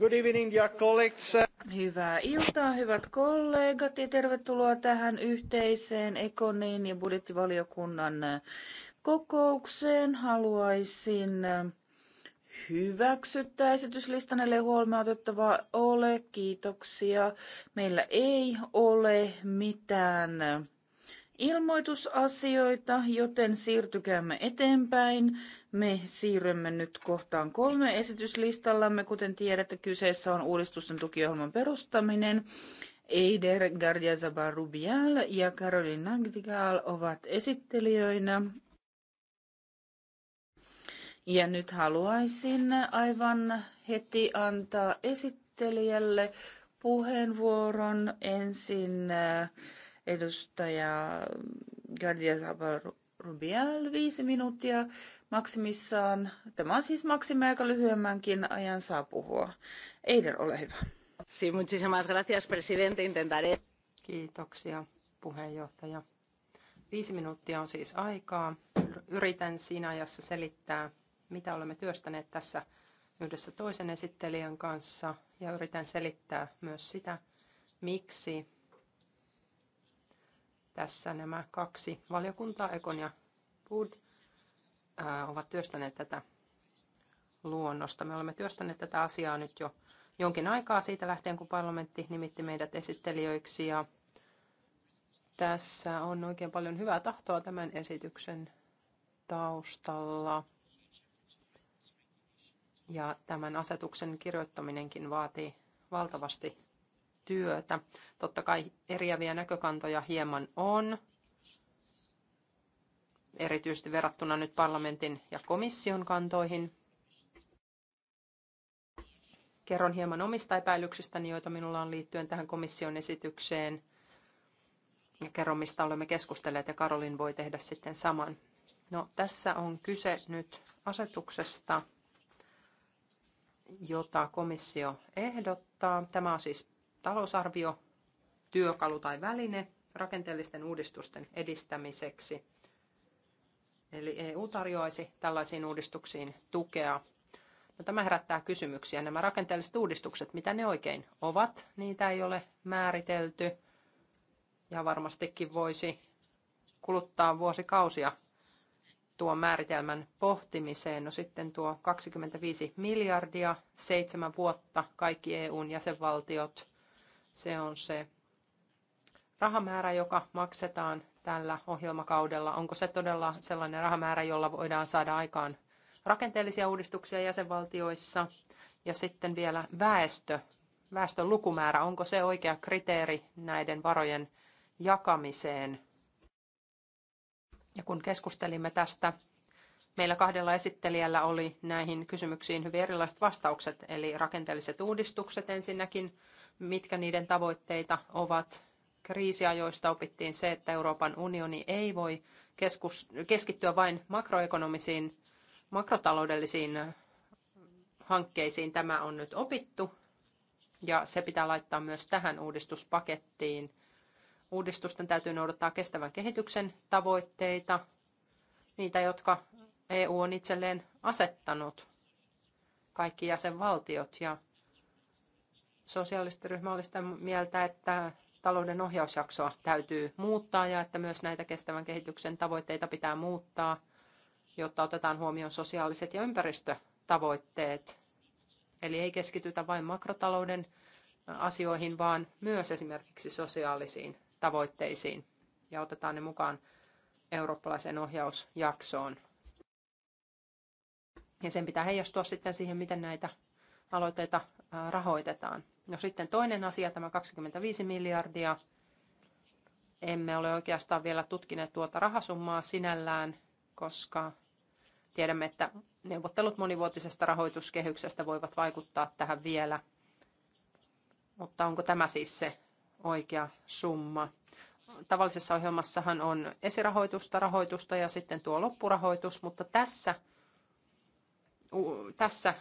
Good evening, dear colleagues. Hyvää iltaa, hyvät kollegat, ja tervetuloa tähän yhteiseen Econin ja budjettivaliokunnan kokoukseen. Haluaisin hyväksyttää esityslistan, ellei huomioon otettavaa ole. Kiitoksia. Meillä ei ole mitään ilmoitusasioita, joten siirtykäämme eteenpäin me siirrymme nyt kohtaan kolme esityslistallamme. Kuten tiedätte, kyseessä on uudistusten tukiohjelman perustaminen. Eider Gardia Zabarubial ja Caroline Nagdigal ovat esittelijöinä. Ja nyt haluaisin aivan heti antaa esittelijälle puheenvuoron ensin äh, edustaja Gardia Zabarubial viisi minuuttia maksimissaan. Tämä on siis maksimi aika lyhyemmänkin ajan saa puhua. Eider, ole hyvä. Sí, muchísimas gracias, presidente. Intentaré. Kiitoksia, puheenjohtaja. Viisi minuuttia on siis aikaa. Yritän siinä ajassa selittää, mitä olemme työstäneet tässä yhdessä toisen esittelijän kanssa ja yritän selittää myös sitä, miksi tässä nämä kaksi valiokuntaa, Ekon ja Bud, ovat työstäneet tätä luonnosta. Me olemme työstäneet tätä asiaa nyt jo jonkin aikaa siitä lähtien, kun parlamentti nimitti meidät esittelijöiksi. Ja tässä on oikein paljon hyvää tahtoa tämän esityksen taustalla. Ja tämän asetuksen kirjoittaminenkin vaatii valtavasti työtä. Totta kai eriäviä näkökantoja hieman on, erityisesti verrattuna nyt parlamentin ja komission kantoihin. Kerron hieman omista epäilyksistäni, joita minulla on liittyen tähän komission esitykseen. Ja kerron, mistä olemme keskustelleet, ja Karolin voi tehdä sitten saman. No, tässä on kyse nyt asetuksesta, jota komissio ehdottaa. Tämä on siis talousarvio, työkalu tai väline rakenteellisten uudistusten edistämiseksi – Eli EU tarjoaisi tällaisiin uudistuksiin tukea. No, tämä herättää kysymyksiä. Nämä rakenteelliset uudistukset, mitä ne oikein ovat, niitä ei ole määritelty. Ja varmastikin voisi kuluttaa vuosikausia tuon määritelmän pohtimiseen. No sitten tuo 25 miljardia, seitsemän vuotta, kaikki EUn jäsenvaltiot, se on se rahamäärä, joka maksetaan tällä ohjelmakaudella? Onko se todella sellainen rahamäärä, jolla voidaan saada aikaan rakenteellisia uudistuksia jäsenvaltioissa? Ja sitten vielä väestö, väestön lukumäärä, onko se oikea kriteeri näiden varojen jakamiseen? Ja kun keskustelimme tästä, meillä kahdella esittelijällä oli näihin kysymyksiin hyvin erilaiset vastaukset, eli rakenteelliset uudistukset ensinnäkin, mitkä niiden tavoitteita ovat, kriisiajoista opittiin se, että Euroopan unioni ei voi keskus, keskittyä vain makroekonomisiin, makrotaloudellisiin hankkeisiin. Tämä on nyt opittu ja se pitää laittaa myös tähän uudistuspakettiin. Uudistusten täytyy noudattaa kestävän kehityksen tavoitteita, niitä, jotka EU on itselleen asettanut, kaikki jäsenvaltiot. Ja sosiaalistiryhmä oli sitä mieltä, että talouden ohjausjaksoa täytyy muuttaa ja että myös näitä kestävän kehityksen tavoitteita pitää muuttaa, jotta otetaan huomioon sosiaaliset ja ympäristötavoitteet. Eli ei keskitytä vain makrotalouden asioihin, vaan myös esimerkiksi sosiaalisiin tavoitteisiin ja otetaan ne mukaan eurooppalaisen ohjausjaksoon. Ja sen pitää heijastua sitten siihen, miten näitä aloitteita rahoitetaan. No sitten toinen asia, tämä 25 miljardia. Emme ole oikeastaan vielä tutkineet tuota rahasummaa sinällään, koska tiedämme, että neuvottelut monivuotisesta rahoituskehyksestä voivat vaikuttaa tähän vielä. Mutta onko tämä siis se oikea summa? Tavallisessa ohjelmassahan on esirahoitusta, rahoitusta ja sitten tuo loppurahoitus, mutta tässä, tässä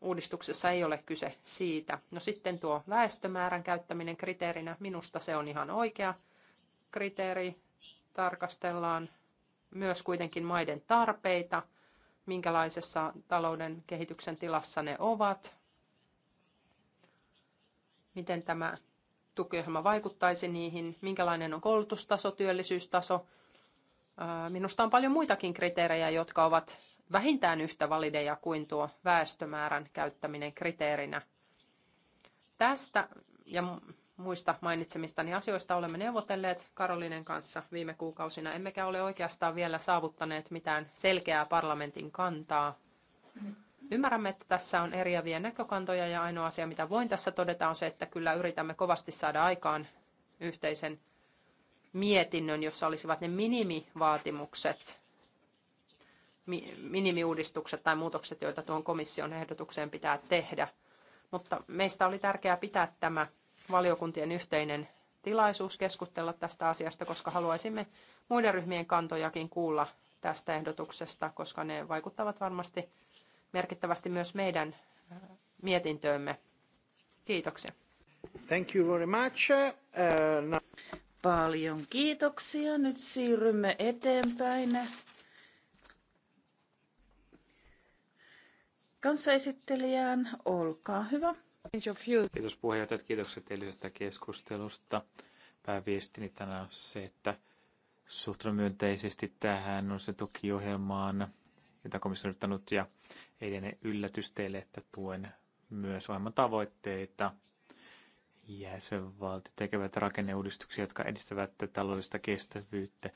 uudistuksessa ei ole kyse siitä. No sitten tuo väestömäärän käyttäminen kriteerinä, minusta se on ihan oikea kriteeri. Tarkastellaan myös kuitenkin maiden tarpeita, minkälaisessa talouden kehityksen tilassa ne ovat, miten tämä tukiohjelma vaikuttaisi niihin, minkälainen on koulutustaso, työllisyystaso. Minusta on paljon muitakin kriteerejä, jotka ovat vähintään yhtä valideja kuin tuo väestömäärän käyttäminen kriteerinä. Tästä ja muista mainitsemistani asioista olemme neuvotelleet Karolinen kanssa viime kuukausina, emmekä ole oikeastaan vielä saavuttaneet mitään selkeää parlamentin kantaa. Ymmärrämme, että tässä on eriäviä näkökantoja ja ainoa asia, mitä voin tässä todeta, on se, että kyllä yritämme kovasti saada aikaan yhteisen mietinnön, jossa olisivat ne minimivaatimukset minimiuudistukset tai muutokset, joita tuon komission ehdotukseen pitää tehdä. Mutta meistä oli tärkeää pitää tämä valiokuntien yhteinen tilaisuus keskustella tästä asiasta, koska haluaisimme muiden ryhmien kantojakin kuulla tästä ehdotuksesta, koska ne vaikuttavat varmasti merkittävästi myös meidän äh, mietintöömme. Kiitoksia. Thank you very much. Uh, no... Paljon kiitoksia. Nyt siirrymme eteenpäin. kanssa esittelijään. Olkaa hyvä. Kiitos puheenjohtajat, kiitokset eilisestä keskustelusta. Pääviestini tänään on se, että suhtaudun myönteisesti tähän on se tukiohjelmaan, jota komissio on ottanut, ja ei liene yllätys teille, että tuen myös ohjelman tavoitteita. Jäsenvaltiot tekevät rakenneuudistuksia, jotka edistävät taloudellista kestävyyttä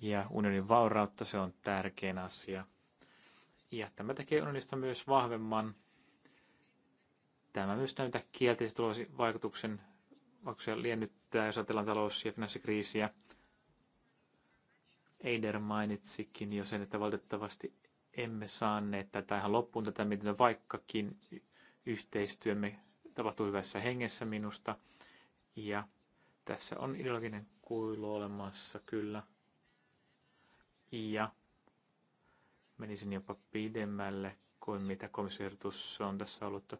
ja unionin vaurautta. Se on tärkein asia. Ja tämä tekee unionista myös vahvemman. Tämä myös näyttää kielteisen vaikutuksen, se liennyttää, jos ajatellaan talous- ja finanssikriisiä. Eider mainitsikin jo sen, että valitettavasti emme saaneet tätä ihan loppuun tätä mietintä, vaikkakin yhteistyömme tapahtui hyvässä hengessä minusta. Ja tässä on ideologinen kuilu olemassa kyllä. Ja menisin jopa pidemmälle kuin mitä komissioehdotus on tässä ollut.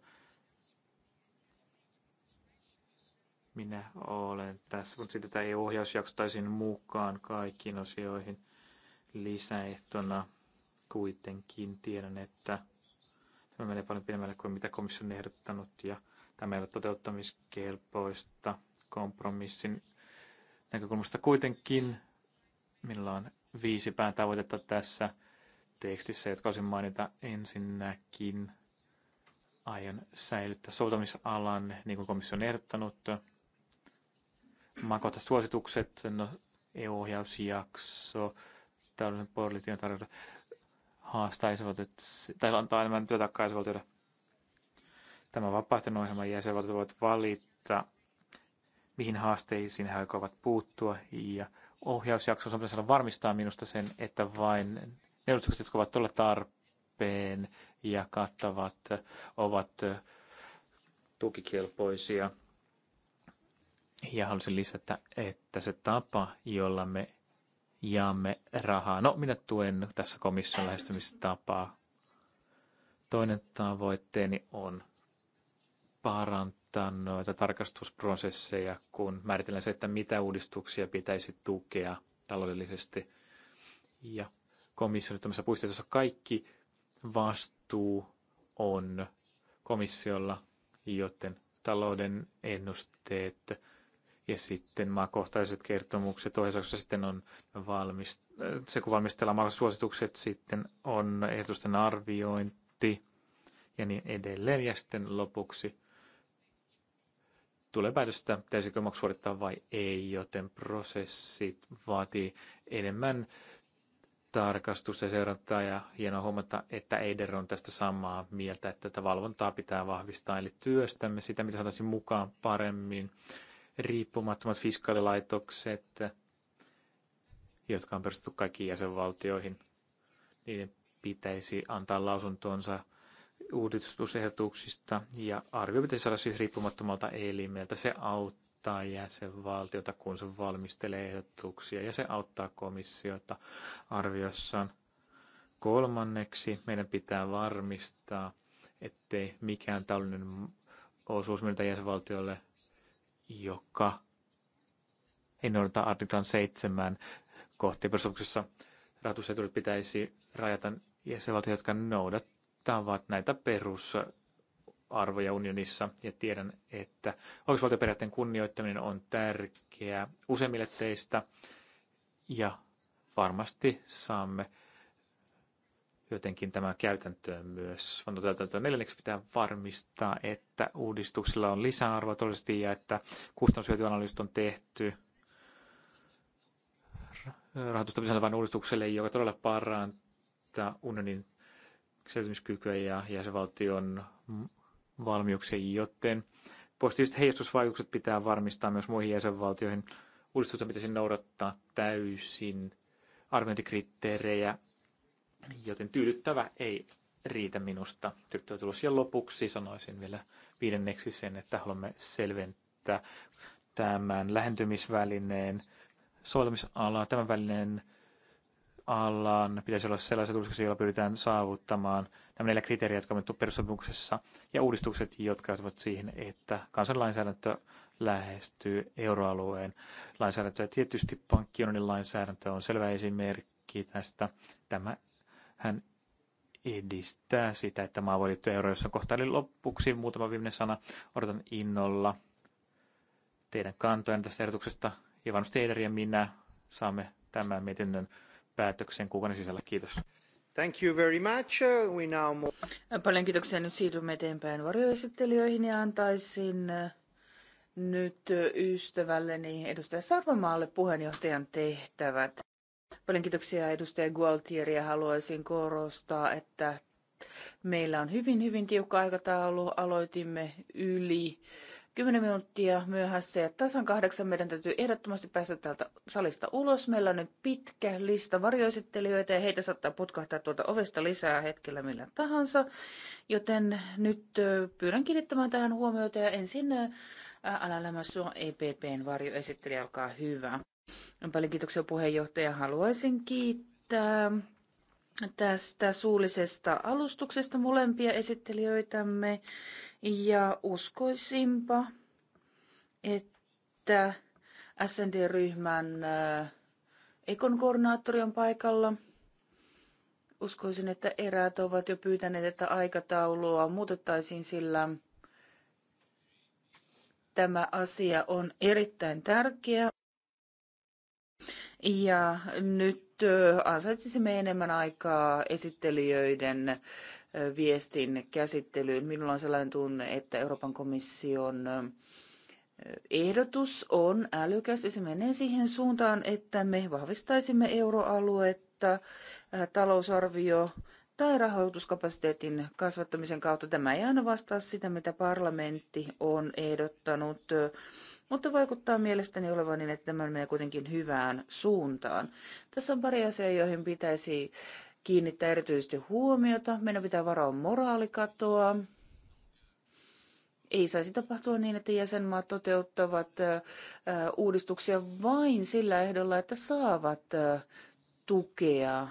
Minä olen tässä, mutta sitten tämä EU-ohjaus jaksotaisiin mukaan kaikkiin osioihin lisäehtona. Kuitenkin tiedän, että tämä menee paljon pidemmälle kuin mitä komissio on ehdottanut ja tämä ei ole toteuttamiskelpoista kompromissin näkökulmasta. Kuitenkin minulla on viisi päätavoitetta tässä tekstissä, jotka olisin mainita ensinnäkin aion säilyttää soveltamisalan, niin kuin komissio on ehdottanut. Makohtaiset suositukset, no, EU-ohjausjakso, tällaisen poliittinen tarjota haastaa tai antaa enemmän työtaakkaa jäsenvaltioille. Tämä vapaaehtoinen ohjelma jäsenvaltiot voivat valita, mihin haasteisiin he aikovat puuttua, ja ohjausjakso on varmistaa minusta sen, että vain ehdotukset, jotka ovat tuolla tarpeen ja kattavat, ovat tukikelpoisia. Ja haluaisin lisätä, että se tapa, jolla me jaamme rahaa. No, minä tuen tässä komission lähestymistapaa. Toinen tavoitteeni on parantaa noita tarkastusprosesseja, kun määritellään se, että mitä uudistuksia pitäisi tukea taloudellisesti. Ja komission tämmöisessä jossa kaikki vastuu on komissiolla, joten talouden ennusteet ja sitten maakohtaiset kertomukset toisaalta sitten on valmis, se kun valmistellaan suositukset, sitten on ehdotusten arviointi ja niin edelleen. Ja sitten lopuksi tulee että pitäisikö maksu suorittaa vai ei, joten prosessit vaatii enemmän tarkastus ja seurantaa ja hienoa huomata, että Eider on tästä samaa mieltä, että tätä valvontaa pitää vahvistaa, eli työstämme sitä, mitä saataisiin mukaan paremmin. Riippumattomat fiskaalilaitokset, jotka on perustettu kaikkiin jäsenvaltioihin, niiden pitäisi antaa lausuntonsa uudistusehdotuksista ja arvio pitäisi saada siis riippumattomalta elimeltä. Se auttaa auttaa jäsenvaltiota, kun se valmistelee ehdotuksia ja se auttaa komissiota arviossaan. Kolmanneksi meidän pitää varmistaa, ettei mikään taloudellinen osuus myöntä jäsenvaltiolle, joka ei noudata artiklan 7 kohti perustuksessa rahoitusetuudet pitäisi rajata jäsenvaltiot, jotka noudattavat näitä perus arvoja unionissa ja tiedän, että oikeusvaltioperiaatteen kunnioittaminen on tärkeää useimmille teistä ja varmasti saamme jotenkin tämä käytäntöön myös. Vantotäytäntöön neljänneksi pitää varmistaa, että uudistuksilla on lisäarvoa todellisesti ja että kustannushyötyanalyysit on tehty rahoitusta vain uudistukselle, joka todella parantaa unionin selviytymiskykyä ja jäsenvaltion valmiuksia, joten positiiviset heijastusvaikutukset pitää varmistaa myös muihin jäsenvaltioihin. Uudistusta pitäisi noudattaa täysin arviointikriteerejä, joten tyydyttävä ei riitä minusta. Tyydyttävä tulos. Ja lopuksi sanoisin vielä viidenneksi sen, että haluamme selventää tämän lähentymisvälineen soveltamisalaa. Tämän välinen alan pitäisi olla sellaisia tuloksia, joilla pyritään saavuttamaan – nämä neljä kriteeriä, jotka on mennyt perussopimuksessa, ja uudistukset, jotka johtavat siihen, että kansanlainsäädäntö lähestyy euroalueen lainsäädäntöä. Tietysti pankkiunionin lainsäädäntö on selvä esimerkki tästä. Tämä hän edistää sitä, että maa voi liittyä euroon, jossa kohta eli lopuksi muutama viimeinen sana. Odotan innolla teidän kantojen tästä ehdotuksesta. Ja varmasti Eder ja minä saamme tämän mietinnön päätöksen kuukauden sisällä. Kiitos. Thank you very much. We now move... Paljon kiitoksia. Nyt siirrymme eteenpäin varjoesittelijöihin ja antaisin äh, nyt äh, ystävälleni edustaja Sarvamaalle puheenjohtajan tehtävät. Paljon kiitoksia edustaja Gualtieri haluaisin korostaa, että meillä on hyvin, hyvin tiukka aikataulu. Aloitimme yli 10 minuuttia myöhässä ja tasan kahdeksan meidän täytyy ehdottomasti päästä täältä salista ulos. Meillä on nyt pitkä lista varjoesittelijöitä ja heitä saattaa putkahtaa tuolta ovesta lisää hetkellä millä tahansa. Joten nyt pyydän kiinnittämään tähän huomiota ja ensin Alain EPPn varjoesittelijä, alkaa hyvä. Paljon kiitoksia puheenjohtaja. Haluaisin kiittää tästä suullisesta alustuksesta molempia esittelijöitämme ja uskoisinpa, että SND-ryhmän äh, Ekon koordinaattori on paikalla. Uskoisin, että eräät ovat jo pyytäneet, että aikataulua muutettaisiin, sillä tämä asia on erittäin tärkeä. Ja nyt ansaitsisimme enemmän aikaa esittelijöiden viestin käsittelyyn. Minulla on sellainen tunne, että Euroopan komission ehdotus on älykäs ja se menee siihen suuntaan, että me vahvistaisimme euroaluetta talousarvio tai rahoituskapasiteetin kasvattamisen kautta. Tämä ei aina vastaa sitä, mitä parlamentti on ehdottanut, mutta vaikuttaa mielestäni olevan niin, että tämä menee kuitenkin hyvään suuntaan. Tässä on pari asiaa, joihin pitäisi kiinnittää erityisesti huomiota. Meidän pitää varoa moraalikatoa. Ei saisi tapahtua niin, että jäsenmaat toteuttavat uudistuksia vain sillä ehdolla, että saavat tukea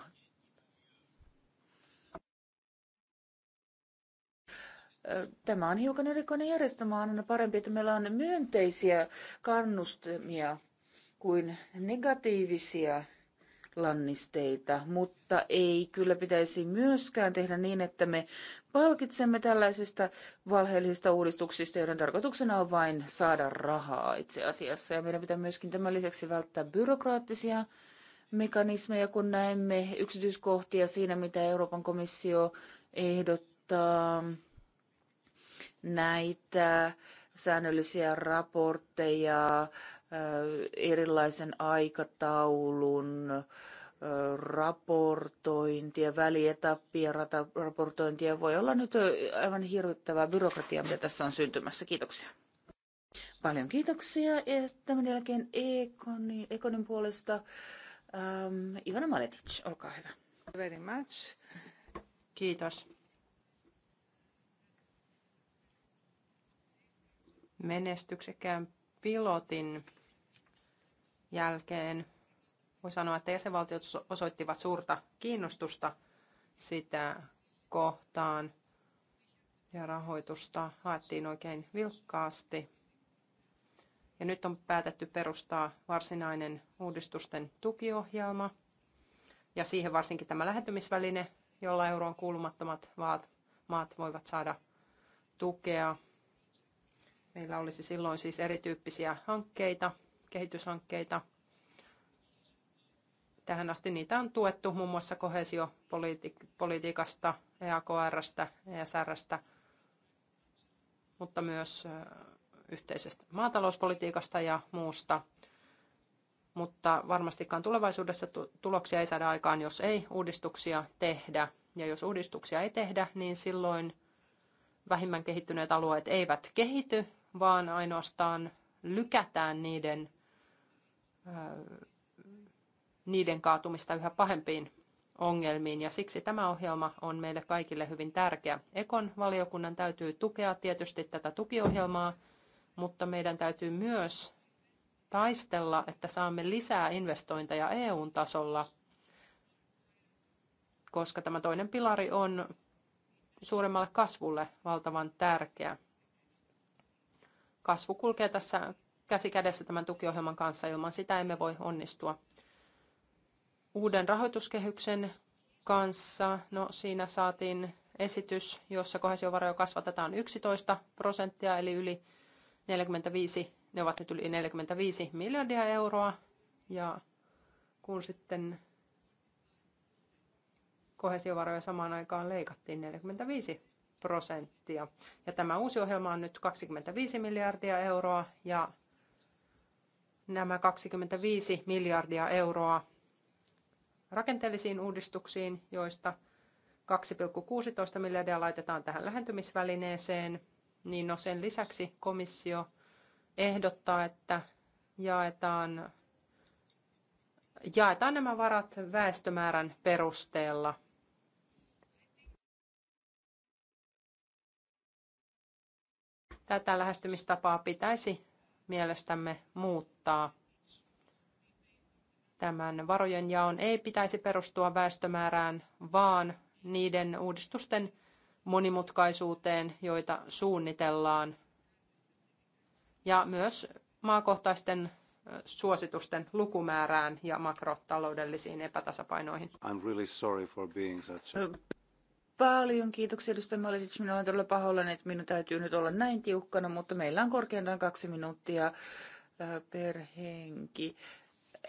Tämä on hiukan erikoinen järjestelmä, on aina parempi, että meillä on myönteisiä kannustimia kuin negatiivisia lannisteita, mutta ei kyllä pitäisi myöskään tehdä niin, että me palkitsemme tällaisista valheellisista uudistuksista, joiden tarkoituksena on vain saada rahaa itse asiassa. Ja meidän pitää myöskin tämän lisäksi välttää byrokraattisia mekanismeja, kun näemme yksityiskohtia siinä, mitä Euroopan komissio ehdottaa näitä säännöllisiä raportteja, erilaisen aikataulun, raportointia, välietappia, raportointia. Voi olla nyt aivan hirvittävää byrokratiaa, mitä tässä on syntymässä. Kiitoksia. Paljon kiitoksia. Ja tämän jälkeen Ekonin, Ekonin puolesta ähm, Ivana Maletic, olkaa hyvä. Very much. Kiitos. menestyksekään pilotin jälkeen voi sanoa, että jäsenvaltiot osoittivat suurta kiinnostusta sitä kohtaan ja rahoitusta haettiin oikein vilkkaasti. Ja nyt on päätetty perustaa varsinainen uudistusten tukiohjelma ja siihen varsinkin tämä lähentymisväline, jolla euroon kuulumattomat maat voivat saada tukea Meillä olisi silloin siis erityyppisiä hankkeita, kehityshankkeita. Tähän asti niitä on tuettu muun muassa kohesiopolitiikasta, EAKRstä, ESRstä, mutta myös yhteisestä maatalouspolitiikasta ja muusta. Mutta varmastikaan tulevaisuudessa tuloksia ei saada aikaan, jos ei uudistuksia tehdä. Ja jos uudistuksia ei tehdä, niin silloin vähimmän kehittyneet alueet eivät kehity, vaan ainoastaan lykätään niiden, niiden kaatumista yhä pahempiin ongelmiin ja siksi tämä ohjelma on meille kaikille hyvin tärkeä. Ekon valiokunnan täytyy tukea tietysti tätä tukiohjelmaa, mutta meidän täytyy myös taistella, että saamme lisää investointeja eu tasolla, koska tämä toinen pilari on suuremmalle kasvulle valtavan tärkeä kasvu kulkee tässä käsi kädessä tämän tukiohjelman kanssa. Ilman sitä emme voi onnistua. Uuden rahoituskehyksen kanssa, no siinä saatiin esitys, jossa kohesiovaroja kasvatetaan 11 prosenttia, eli yli 45, ne ovat nyt yli 45 miljardia euroa. Ja kun sitten kohesiovaroja samaan aikaan leikattiin 45 prosenttia. Ja tämä uusi ohjelma on nyt 25 miljardia euroa ja nämä 25 miljardia euroa rakenteellisiin uudistuksiin, joista 2,16 miljardia laitetaan tähän lähentymisvälineeseen, niin no sen lisäksi komissio ehdottaa, että jaetaan, jaetaan nämä varat väestömäärän perusteella. Tätä lähestymistapaa pitäisi mielestämme muuttaa. Tämän varojen jaon ei pitäisi perustua väestömäärään, vaan niiden uudistusten monimutkaisuuteen, joita suunnitellaan, ja myös maakohtaisten suositusten lukumäärään ja makrotaloudellisiin epätasapainoihin. I'm really sorry for being such a paljon. Kiitoksia edustaja Maletic. Minä olen todella pahoillani, että minun täytyy nyt olla näin tiukkana, mutta meillä on korkeintaan kaksi minuuttia per henki.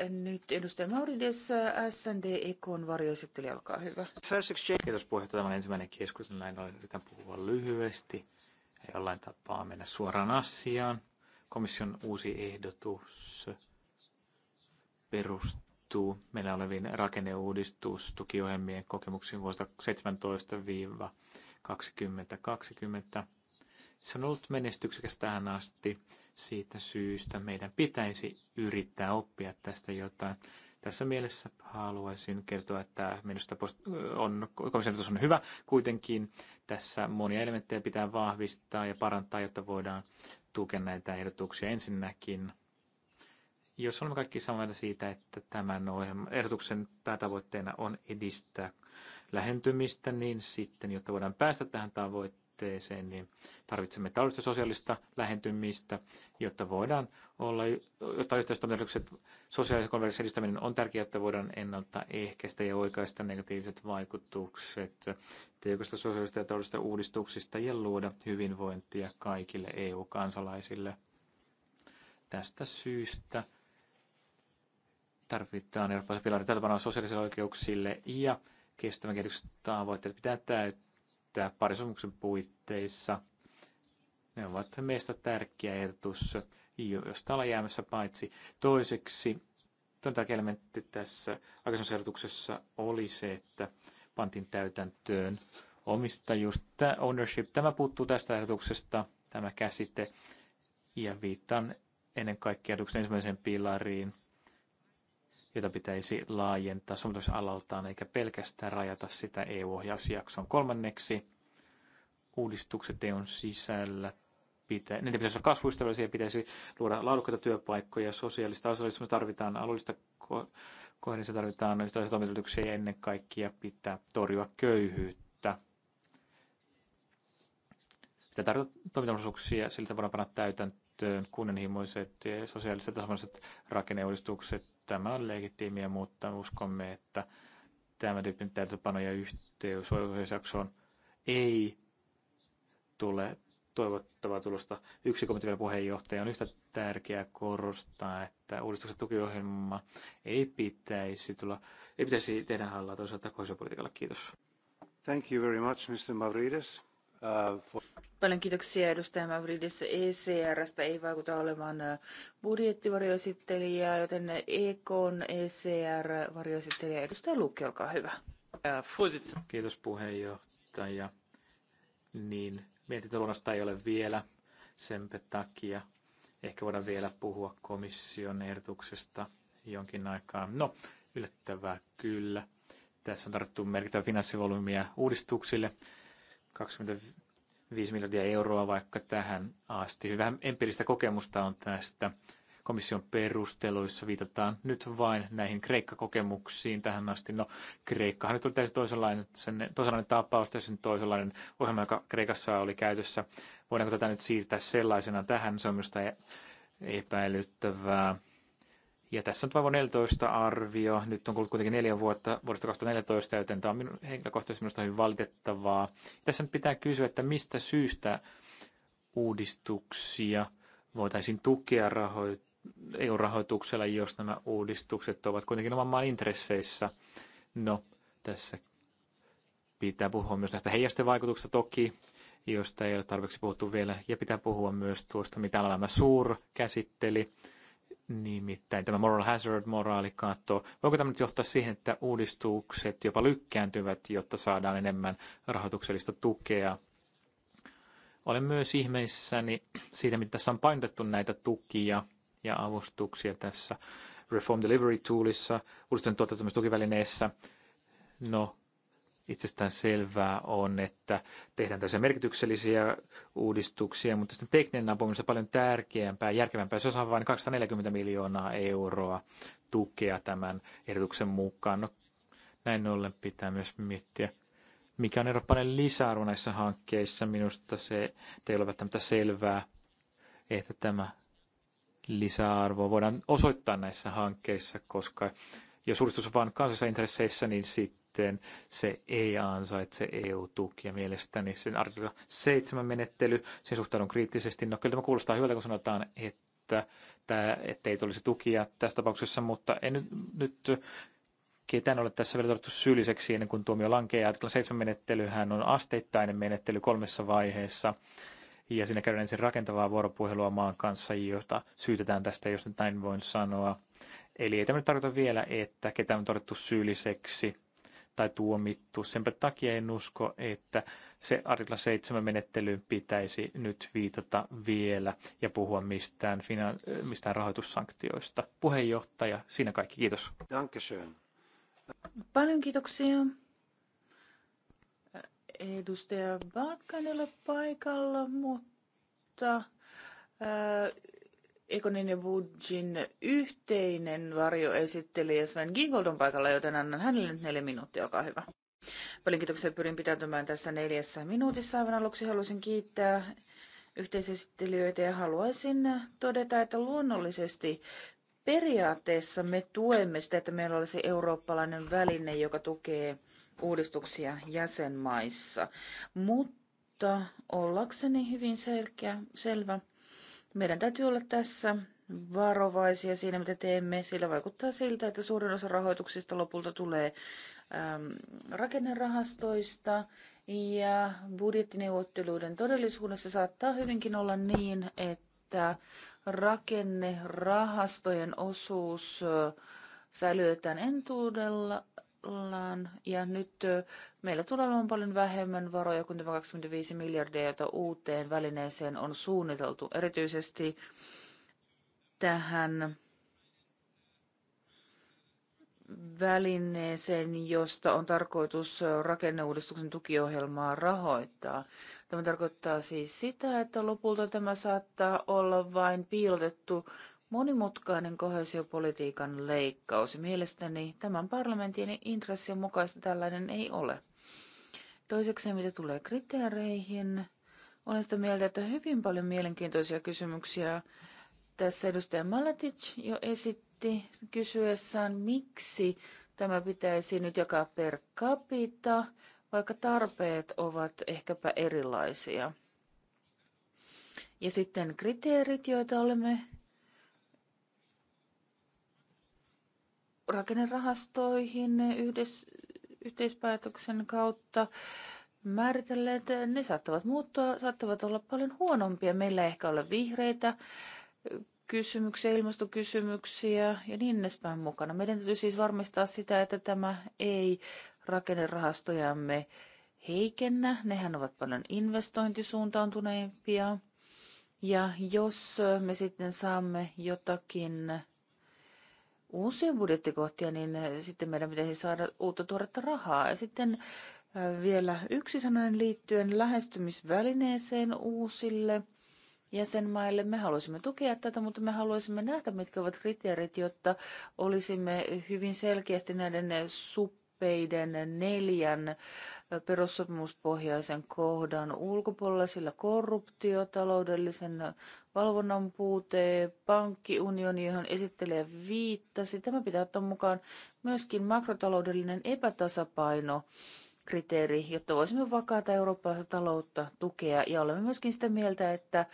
Nyt edustaja Maurides, SND Ekon varjoesitteli, olkaa hyvä. First exchange. Kiitos puheenjohtaja. Tämä on ensimmäinen keskustelu. Näin olen yritän puhua lyhyesti ja jollain tapaa mennä suoraan asiaan. Komission uusi ehdotus perustuu perustuu meillä oleviin rakenneuudistustukiohjelmien kokemuksiin vuosta 17-2020. Se on ollut menestyksekäs tähän asti. Siitä syystä meidän pitäisi yrittää oppia tästä jotain. Tässä mielessä haluaisin kertoa, että minusta on, komission on hyvä. Kuitenkin tässä monia elementtejä pitää vahvistaa ja parantaa, jotta voidaan tukea näitä ehdotuksia. Ensinnäkin jos olemme kaikki samaa mieltä siitä, että tämän ohjelman, ehdotuksen päätavoitteena on edistää lähentymistä, niin sitten, jotta voidaan päästä tähän tavoitteeseen, niin tarvitsemme taloudellista sosiaalista lähentymistä, jotta voidaan olla, jotta yhteistoiminnallisuudet sosiaalisen konvergenssin edistäminen on tärkeää, jotta voidaan ennaltaehkäistä ja oikaista negatiiviset vaikutukset tiukasta sosiaalista ja taloudellista uudistuksista ja luoda hyvinvointia kaikille EU-kansalaisille. Tästä syystä Tarvitaan Euroopan pilarin tältä sosiaalisille oikeuksille ja kestävän kehityksen tavoitteet pitää täyttää parisopimuksen puitteissa. Ne ovat meistä tärkeä ehdotus, josta ollaan jäämässä paitsi. Toiseksi toinen tärkeä elementti tässä aikaisemmassa ehdotuksessa oli se, että pantin täytäntöön omistajuus, tämä ownership, tämä puuttuu tästä ehdotuksesta, tämä käsite, ja viittaan ennen kaikkea ehdotuksen ensimmäiseen pilariin, jota pitäisi laajentaa soveltamisalaltaan eikä pelkästään rajata sitä EU-ohjausjakson kolmanneksi. Uudistukset EUn sisällä pitä, niiden pitäisi olla kasvuystävällisiä, pitäisi luoda laadukkaita työpaikkoja, sosiaalista osallistumista tarvitaan, alueellista ko- kohdissa tarvitaan yhtäläisiä toimintaedellytyksiä ja ennen kaikkea pitää torjua köyhyyttä. Pitää tarjota toimintamahdollisuuksia, siltä voidaan panna täytäntöön kunnianhimoiset ja sosiaaliset rakenneuudistukset Tämä on legitiimiä, mutta uskomme, että tämä tyyppinen täytäpano ja yhteys oikeusjaksoon ei tule toivottavaa tulosta. Yksi komitean puheenjohtaja on yhtä tärkeää korostaa, että uudistuksen tukiohjelma ei pitäisi, tulla, ei pitäisi tehdä hallaa toisaalta kohdallisuuspolitiikalla. Kiitos. Thank you very much, Mr. Mavridis. Paljon kiitoksia edustaja Mavridis ECRstä. Ei vaikuta olevan budjettivarjoesittelijää, joten EKn ECR-varjoesittelijä edustaja Lukki, olkaa hyvä. Kiitos puheenjohtaja. Niin, mietintöluonnosta ei ole vielä sen takia. Ehkä voidaan vielä puhua komission ehdotuksesta jonkin aikaa. No, yllättävää kyllä. Tässä on tarttu merkittävä finanssivolyymiä uudistuksille 25 miljardia euroa vaikka tähän asti. Vähän empiiristä kokemusta on tästä. Komission perusteluissa viitataan nyt vain näihin Kreikka-kokemuksiin tähän asti. No, Kreikkahan nyt oli täysin toisenlainen, sen, toisenlainen tapaus, täysin toisenlainen ohjelma, joka Kreikassa oli käytössä. Voidaanko tätä nyt siirtää sellaisena tähän? Se on minusta e- epäilyttävää. Ja tässä on vaivo 14 arvio. Nyt on kulunut kuitenkin neljä vuotta vuodesta 2014, joten tämä on minun, henkilökohtaisesti minusta hyvin valitettavaa. Tässä nyt pitää kysyä, että mistä syystä uudistuksia voitaisiin tukea rahoittaa EU-rahoituksella, jos nämä uudistukset ovat kuitenkin oman maan intresseissä. No, tässä pitää puhua myös näistä heijasten vaikutuksista toki, josta ei ole tarpeeksi puhuttu vielä, ja pitää puhua myös tuosta, mitä alamme suur käsitteli Nimittäin tämä moral hazard, moraalikaatto, voiko tämä nyt johtaa siihen, että uudistukset jopa lykkääntyvät, jotta saadaan enemmän rahoituksellista tukea? Olen myös ihmeissäni siitä, mitä tässä on painotettu näitä tukia ja avustuksia tässä Reform Delivery Toolissa, uudistuksen toteuttamistukivälineessä. No, itsestään selvää on, että tehdään tässä merkityksellisiä uudistuksia, mutta sitten tekninen apu on paljon tärkeämpää, järkevämpää. Se on vain 240 miljoonaa euroa tukea tämän ehdotuksen mukaan. No, näin ollen pitää myös miettiä, mikä on eurooppalainen lisäarvo näissä hankkeissa. Minusta se ei ole välttämättä selvää, että tämä lisäarvo voidaan osoittaa näissä hankkeissa, koska jos uudistus on vain kansallisissa intresseissä, niin sitten sitten se ei ansaitse EU-tukia mielestäni. Sen artikla 7 menettely, sen suhtaudun kriittisesti. No kyllä tämä kuulostaa hyvältä, kun sanotaan, että tämä, ettei tulisi tukia tässä tapauksessa, mutta en nyt, nyt ketään ole tässä vielä todettu syylliseksi ennen kuin tuomio lankee. Artikla 7 menettelyhän on asteittainen menettely kolmessa vaiheessa ja siinä käydään ensin rakentavaa vuoropuhelua maan kanssa, jota syytetään tästä, jos nyt näin voin sanoa. Eli ei tämä nyt tarkoita vielä, että ketään on todettu syylliseksi tai tuomittu. Senpä takia en usko, että se artikla 7 menettelyyn pitäisi nyt viitata vielä ja puhua mistään, finan- mistään rahoitussanktioista. Puheenjohtaja, siinä kaikki. Kiitos. Dankeschön. Paljon kiitoksia. Edustaja Batkan paikalla, mutta äh, Ekonin ja Woodjin yhteinen varjoesittelijä Sven Giegold on paikalla, joten annan hänelle nyt neljä minuuttia, olkaa hyvä. Paljon kiitoksia, pyrin pitäytymään tässä neljässä minuutissa. Aivan aluksi haluaisin kiittää yhteisesittelijöitä ja haluaisin todeta, että luonnollisesti periaatteessa me tuemme sitä, että meillä olisi eurooppalainen väline, joka tukee uudistuksia jäsenmaissa. Mutta ollakseni hyvin selkeä, selvä, meidän täytyy olla tässä varovaisia siinä, mitä teemme, sillä vaikuttaa siltä, että suurin osa rahoituksista lopulta tulee äm, rakennerahastoista ja budjettineuvotteluiden todellisuudessa saattaa hyvinkin olla niin, että rakennerahastojen osuus säilytetään entuudella valmistellaan ja nyt meillä tulee olemaan paljon vähemmän varoja kuin tämä 25 miljardia, jota uuteen välineeseen on suunniteltu. Erityisesti tähän välineeseen, josta on tarkoitus rakenneuudistuksen tukiohjelmaa rahoittaa. Tämä tarkoittaa siis sitä, että lopulta tämä saattaa olla vain piilotettu monimutkainen kohesiopolitiikan leikkaus. Mielestäni tämän parlamentin intressien mukaista tällainen ei ole. Toiseksi, mitä tulee kriteereihin, olen sitä mieltä, että hyvin paljon mielenkiintoisia kysymyksiä tässä edustaja Maletic jo esitti kysyessään, miksi tämä pitäisi nyt jakaa per capita, vaikka tarpeet ovat ehkäpä erilaisia. Ja sitten kriteerit, joita olemme rakennerahastoihin yhdessä, yhteispäätöksen kautta määritelleet, ne saattavat muuttua, saattavat olla paljon huonompia. Meillä ei ehkä ole vihreitä kysymyksiä, ilmastokysymyksiä ja niin edespäin mukana. Meidän täytyy siis varmistaa sitä, että tämä ei rakennerahastojamme heikennä. Nehän ovat paljon investointisuuntautuneempia. Ja jos me sitten saamme jotakin uusia budjettikohtia, niin eh, sitten meidän pitäisi saada uutta tuoretta rahaa. Ja sitten eh, vielä yksi sananen liittyen lähestymisvälineeseen uusille jäsenmaille. Me haluaisimme tukea tätä, mutta me haluaisimme nähdä, mitkä ovat kriteerit, jotta olisimme hyvin selkeästi näiden suppeiden neljän eh, perussopimuspohjaisen kohdan ulkopuolella, sillä korruptio, taloudellisen valvonnan puute, pankkiunioni, johon esittelijä viittasi. Tämä pitää ottaa mukaan myöskin makrotaloudellinen epätasapaino kriteeri, jotta voisimme vakaata eurooppalaista taloutta tukea. Ja olemme myöskin sitä mieltä, että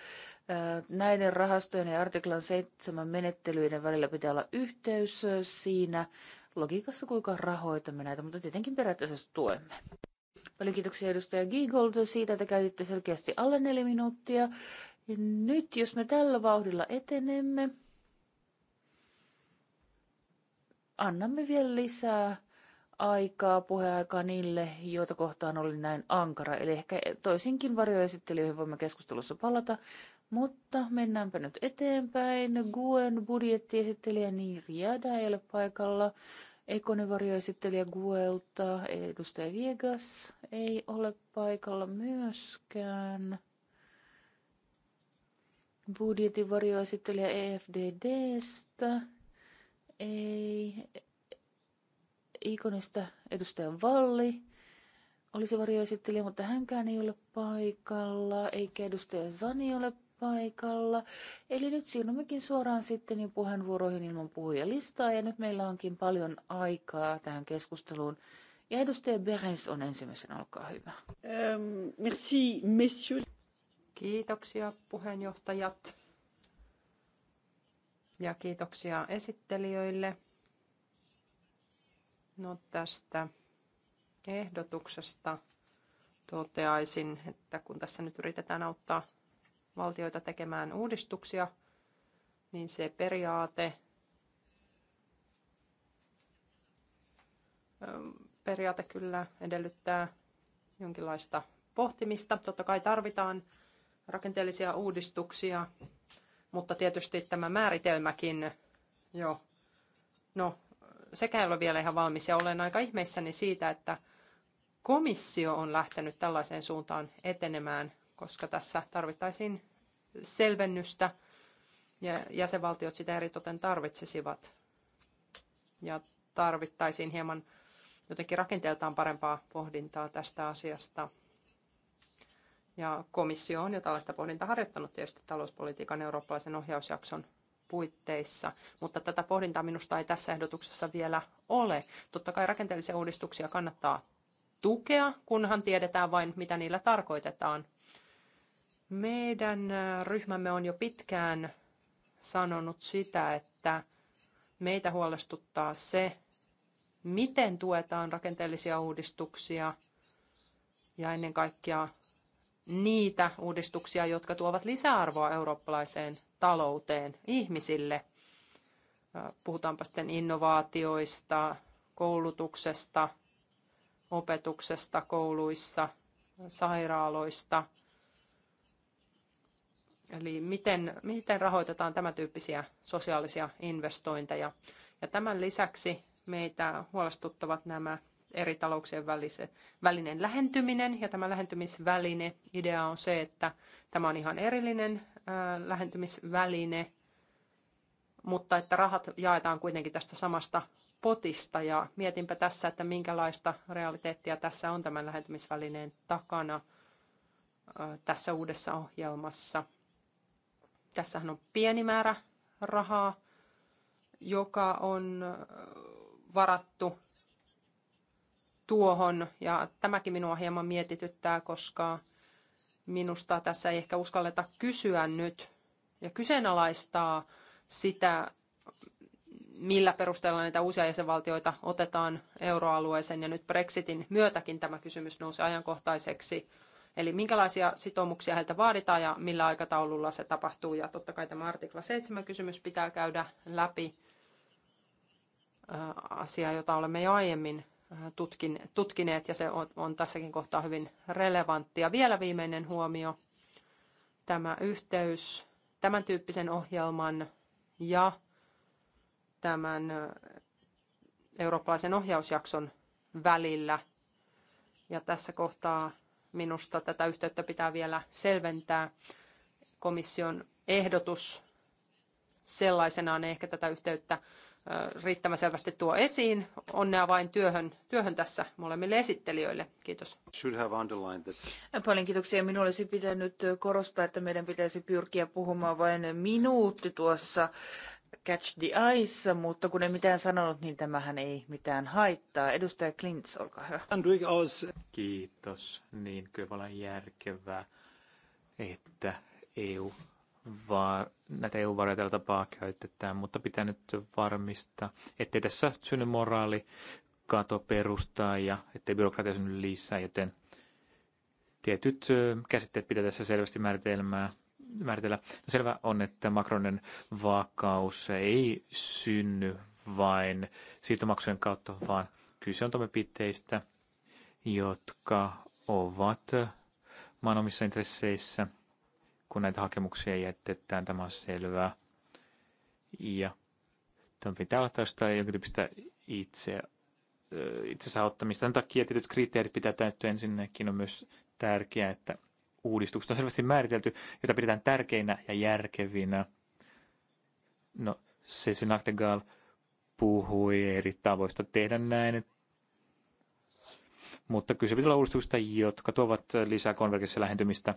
näiden rahastojen ja artiklan 7 menettelyiden välillä pitää olla yhteys siinä logiikassa, kuinka rahoitamme näitä, mutta tietenkin periaatteessa tuemme. Paljon kiitoksia edustaja Giegold siitä, että käytitte selkeästi alle neljä minuuttia ja nyt, jos me tällä vauhdilla etenemme, annamme vielä lisää aikaa, puheaikaa niille, joita kohtaan oli näin ankara. Eli ehkä toisinkin varjoesittelijöihin voimme keskustelussa palata. Mutta mennäänpä nyt eteenpäin. Guen budjettiesittelijä Niriada ei ole paikalla. Ekonivarjoesittelijä Guelta, edustaja Viegas ei ole paikalla myöskään budjetin varjoesittelijä EFDDstä, ei, Ikonista edustaja Valli olisi varjoesittelijä, mutta hänkään ei ole paikalla, eikä edustaja Zani ole paikalla. Eli nyt siirrymmekin suoraan sitten jo niin puheenvuoroihin ilman puhujalistaa, ja nyt meillä onkin paljon aikaa tähän keskusteluun. Ja edustaja Berens on ensimmäisen, olkaa hyvä. Ähm, merci, messieurs. Kiitoksia puheenjohtajat ja kiitoksia esittelijöille no, tästä ehdotuksesta. Toteaisin, että kun tässä nyt yritetään auttaa valtioita tekemään uudistuksia, niin se periaate, ähm, periaate kyllä edellyttää jonkinlaista pohtimista. Totta kai tarvitaan rakenteellisia uudistuksia, mutta tietysti tämä määritelmäkin jo, no sekä ei ole vielä ihan valmis ja olen aika ihmeissäni siitä, että komissio on lähtenyt tällaiseen suuntaan etenemään, koska tässä tarvittaisiin selvennystä ja jäsenvaltiot sitä eritoten tarvitsisivat ja tarvittaisiin hieman jotenkin rakenteeltaan parempaa pohdintaa tästä asiasta. Ja komissio on jo tällaista pohdintaa harjoittanut tietysti talouspolitiikan eurooppalaisen ohjausjakson puitteissa, mutta tätä pohdintaa minusta ei tässä ehdotuksessa vielä ole. Totta kai rakenteellisia uudistuksia kannattaa tukea, kunhan tiedetään vain, mitä niillä tarkoitetaan. Meidän äh, ryhmämme on jo pitkään sanonut sitä, että meitä huolestuttaa se, miten tuetaan rakenteellisia uudistuksia ja ennen kaikkea niitä uudistuksia, jotka tuovat lisäarvoa eurooppalaiseen talouteen ihmisille. Puhutaanpa sitten innovaatioista, koulutuksesta, opetuksesta kouluissa, sairaaloista. Eli miten, miten rahoitetaan tämän tyyppisiä sosiaalisia investointeja. Ja tämän lisäksi meitä huolestuttavat nämä eri talouksien välise, välinen lähentyminen. Ja tämä lähentymisväline, idea on se, että tämä on ihan erillinen äh, lähentymisväline, mutta että rahat jaetaan kuitenkin tästä samasta potista. Ja mietinpä tässä, että minkälaista realiteettia tässä on tämän lähentymisvälineen takana äh, tässä uudessa ohjelmassa. Tässähän on pieni määrä rahaa, joka on varattu tuohon. Ja tämäkin minua hieman mietityttää, koska minusta tässä ei ehkä uskalleta kysyä nyt ja kyseenalaistaa sitä, millä perusteella näitä uusia jäsenvaltioita otetaan euroalueeseen. Ja nyt Brexitin myötäkin tämä kysymys nousi ajankohtaiseksi. Eli minkälaisia sitoumuksia heiltä vaaditaan ja millä aikataululla se tapahtuu. Ja totta kai tämä artikla 7 kysymys pitää käydä läpi. Asia, jota olemme jo aiemmin tutkin, tutkineet ja se on, on tässäkin kohtaa hyvin relevanttia. Vielä viimeinen huomio, tämä yhteys tämän tyyppisen ohjelman ja tämän eurooppalaisen ohjausjakson välillä. Ja tässä kohtaa minusta tätä yhteyttä pitää vielä selventää. Komission ehdotus sellaisenaan ei ehkä tätä yhteyttä riittävän selvästi tuo esiin. Onnea vain työhön, työhön tässä molemmille esittelijöille. Kiitos. Paljon kiitoksia. Minun olisi pitänyt korostaa, että meidän pitäisi pyrkiä puhumaan vain minuutti tuossa Catch the Eyes, mutta kun ei mitään sanonut, niin tämähän ei mitään haittaa. Edustaja Klintz, olkaa hyvä. Kiitos. Niin kyllä järkevää, että EU var, näitä EU-varoja tällä tapaa käytetään, mutta pitää nyt varmistaa, ettei tässä synny moraali kato perustaa ja ettei byrokratia synny lisää, joten tietyt käsitteet pitää tässä selvästi määritelmää, määritellä. No selvä on, että makronen vakaus ei synny vain siirtomaksujen kautta, vaan kyse on toimenpiteistä, jotka ovat maan omissa intresseissä – kun näitä hakemuksia jätetään, tämä on selvää. Ja tämän pitää olla tällaista jonkin tyyppistä itse, itsensä auttamista. Tämän takia tietyt kriteerit pitää täyttyä ensinnäkin on myös tärkeää, että uudistukset on selvästi määritelty, jota pidetään tärkeinä ja järkevinä. No, se Nachtegaal puhui eri tavoista tehdä näin, mutta kyse pitää olla uudistuksista, jotka tuovat lisää konvergenssilähentymistä.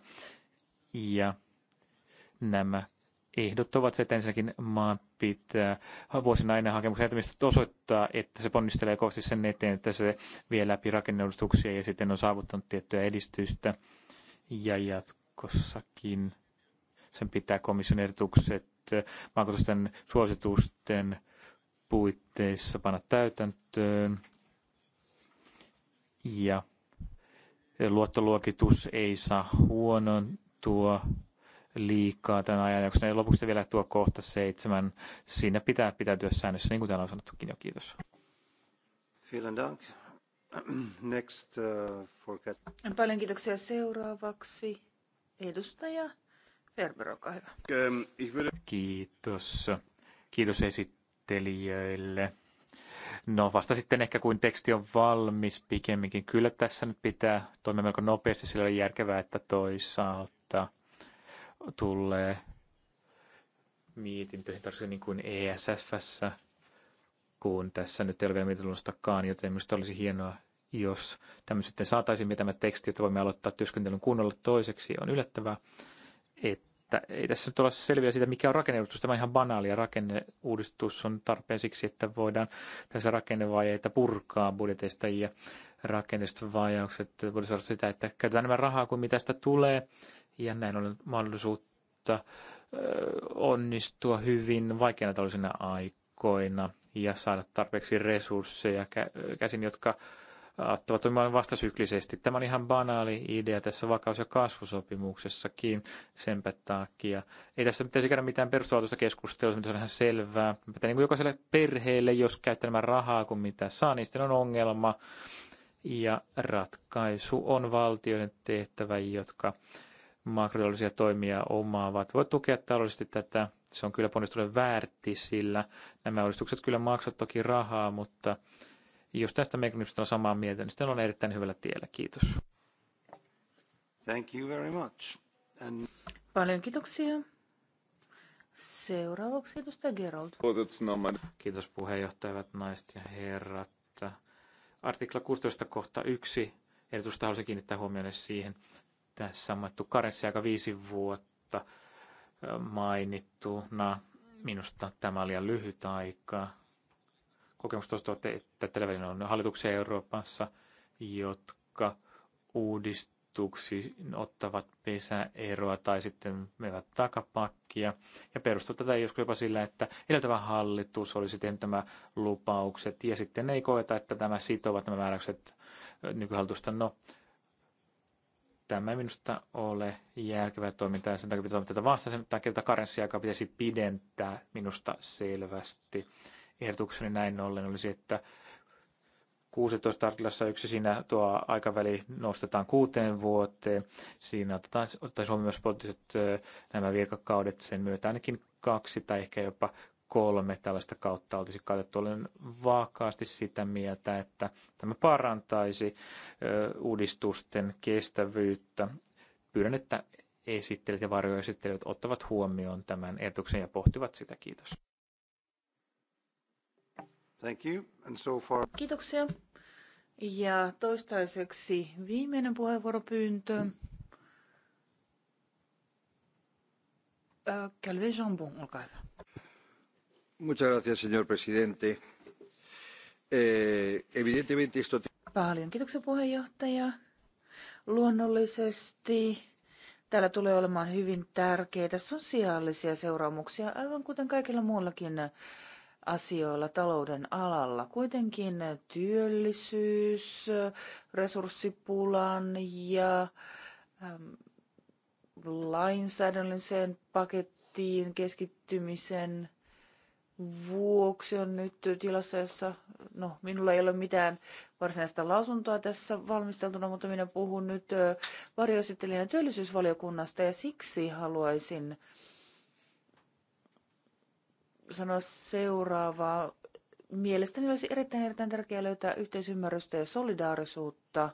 Ja nämä ehdot ovat se, että ensinnäkin maan pitää vuosina ennen hakemuksen jätämistä osoittaa, että se ponnistelee kovasti sen eteen, että se vie läpi rakenneuudistuksia ja sitten on saavuttanut tiettyä edistystä. Ja jatkossakin sen pitää komission ehdotukset maakohtaisten suositusten puitteissa panna täytäntöön. Ja luottoluokitus ei saa huonontua. tuo liikaa tämän ajanjakson. Ja lopuksi vielä tuo kohta seitsemän. Siinä pitää pitäytyä säännössä, niin kuin täällä on sanottukin jo. Kiitos. Vielen dank. Next, uh, for... Paljon kiitoksia seuraavaksi. Edustaja Ferber, olkaa hyvä. Ähm, Kiitos. Kiitos esittelijöille. No vasta sitten ehkä kuin teksti on valmis pikemminkin. Kyllä tässä nyt pitää toimia melko nopeasti, sillä on järkevää, että toisaalta – tulee mietintöihin tarvitsen niin kuin ESFssä, kun tässä nyt ei ole vielä mietintöluonnostakaan, joten minusta olisi hienoa, jos tämä sitten saataisiin mitä teksti, jotta voimme aloittaa työskentelyn kunnolla toiseksi. On yllättävää, että ei tässä nyt olla selviä siitä, mikä on rakenneuudistus. Tämä on ihan banaali ja rakenneuudistus on tarpeen siksi, että voidaan tässä rakennevajeita purkaa budjeteista ja rakenneista vajaukset. Voidaan saada sitä, että käytetään enemmän rahaa kuin mitä sitä tulee ja näin ollen mahdollisuutta onnistua hyvin vaikeina taloudellisina aikoina ja saada tarpeeksi resursseja käsin, jotka ottavat toimimaan vastasyklisesti. Tämä on ihan banaali idea tässä vakaus- ja kasvusopimuksessakin sen takia. Ei tässä pitäisi käydä mitään perustavaltuista keskustelua, se on ihan selvää. Mutta niin kuin jokaiselle perheelle, jos käyttää enemmän rahaa kuin mitä saa, niin sitten on ongelma. Ja ratkaisu on valtioiden tehtävä, jotka makrollisia toimia omaavat voivat tukea taloudellisesti tätä. Se on kyllä ponnistuneen väärti, sillä nämä uudistukset kyllä maksavat toki rahaa, mutta jos tästä mekanismista on samaa mieltä, niin sitten on erittäin hyvällä tiellä. Kiitos. Thank you very much. And... Paljon kiitoksia. Seuraavaksi edustaja Gerald. Kiitos puheenjohtajat, naiset ja herrat. Artikla 16 kohta 1 ehdotusta haluaisin kiinnittää huomioon siihen, tässä on mainittu aika viisi vuotta mainittuna. Minusta tämä oli liian lyhyt aika. Kokemukset osoittavat, että tällä on hallituksia Euroopassa, jotka uudistuksi ottavat pesäeroa tai sitten menevät takapakkia. Ja perustuu tätä joskus jopa sillä, että edeltävä hallitus olisi tehnyt nämä lupaukset ja sitten ei koeta, että tämä sitovat nämä määräykset nykyhallitusta. No, Tämä ei minusta ole järkevää toimintaa ja sen takia pitää toimia tätä Sen takia tätä karenssiaikaa pitäisi pidentää minusta selvästi. Ehdotukseni näin ollen olisi, että 16 artiklassa yksi siinä tuo aikaväli nostetaan kuuteen vuoteen. Siinä otetaan, otetaan huomioon myös poliittiset nämä virkakaudet sen myötä ainakin kaksi tai ehkä jopa kolme tällaista kautta olisi katsottu. Olen vakaasti sitä mieltä, että tämä parantaisi uudistusten kestävyyttä. Pyydän, että esittelijät ja varjoesittelijät ottavat huomioon tämän ehdotuksen ja pohtivat sitä. Kiitos. Thank you. And so far... Kiitoksia. Ja toistaiseksi viimeinen puheenvuoropyyntö. Calvé Jambon, olkaa hyvä. Eh, Paljon kiitoksia Luonnollisesti Täällä tulee olemaan hyvin tärkeitä sosiaalisia seuraamuksia, aivan kuten kaikilla muillakin asioilla talouden alalla. Kuitenkin työllisyys, resurssipulan ja ähm, lainsäädännölliseen pakettiin keskittymisen vuoksi on nyt tilassa, jossa no, minulla ei ole mitään varsinaista lausuntoa tässä valmisteltuna, mutta minä puhun nyt varjoesittelijänä työllisyysvaliokunnasta ja siksi haluaisin sanoa seuraavaa. Mielestäni olisi erittäin, erittäin tärkeää löytää yhteisymmärrystä ja solidaarisuutta